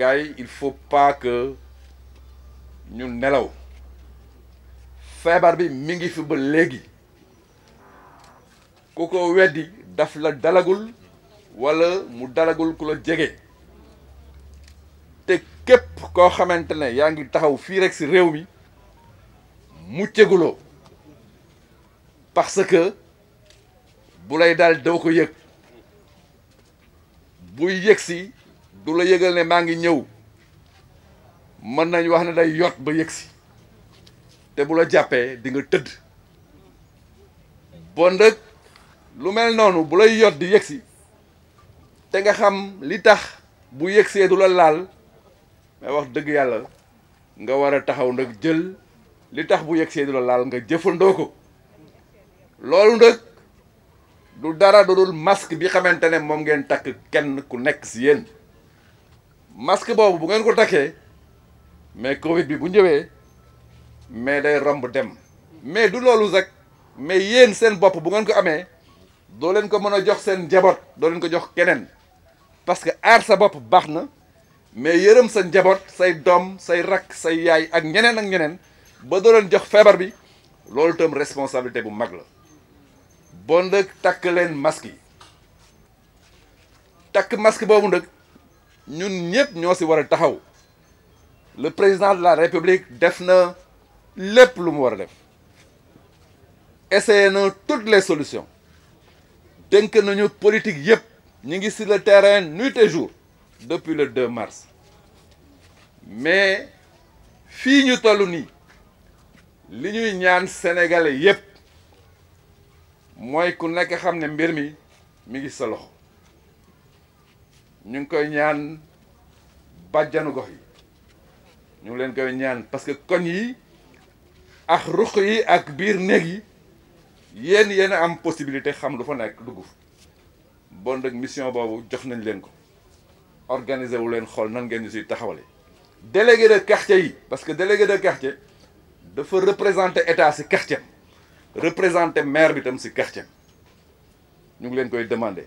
gars yi il faut pas que ñu nelaw feebar bi mi ngi fi ba léegi ku weddi daf la dalagul wala mu dalagul ku la jege te képp ko xamante ne ngi taxaw fi rek ci réew mi mucceguloo parce que bu lay daal doo ko yëg buy yëg si du la yëgal ne maa ngi ñëw mën nañ wax ne day yoot ba yëgsi te bu la jàppee dinga tëdd bon nag lu mel noonu bu lay yot di yëgsi te nga xam li tax bu yëgsee du la laal mais wax dëgg yàlla nga war a taxaw nag jël li tax bu yëgsee du la laal nga jëfandoo ko loolu nag du dara dudul masque bi xamante ne moom ngeen takk kenn ku nekk si yéen masque boobu bu ngeen ko takkee mais Covid bi bu ñëwee mais day romb dem mais du loolu rek mais yéen seen bopp bu ngeen ko amee doo leen ko mën a jox seen njaboot doo leen ko jox keneen parce que aar sa bopp baax na mais yërëm sa njaboot say doom say rakk say yaay ak ñeneen ak ñeneen ba doo leen jox feebar bi loolu itam responsabilité bu mag la boo nag takk leen masque yi takk masque boobu nag. ñun ñëpp ñoo ci war a taxaw le président de la république def na lépp lu mu war a def essayé na toutes les solutions dénk nañu politique yépp ñu ngi sur le terrain nuit et jour depuis le 2 mars mais fii ñu toll nii li ñuy ñaan sénégalais yépp mooy ku nekk xam ne mbir mi mi ngi sa loxo ñu ngi koy ñaan bàjjanu gox yi ñu ngi leen koy ñaan parce que koñ yi ak ruq yi ak biir néeg yi yéen yéen a am possibilité xam lu fa nekk dugg bon nag mission boobu jox nañ leen ko organiser wu leen xool nan ngeen ñu siy taxawale délégué de quartier yi parce que délégué de quartier dafa représenter état si quartier représenter maire bi tam si quartier ñu ngi leen koy demander.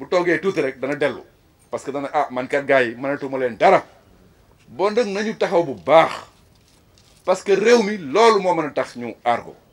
bu toogee tuuti rek dana dellu parce que dana ah man kat gars yi mënatuma leen dara bon nag nañu taxaw bu baax parce que réew mi loolu moo mën a tax ñu aar ko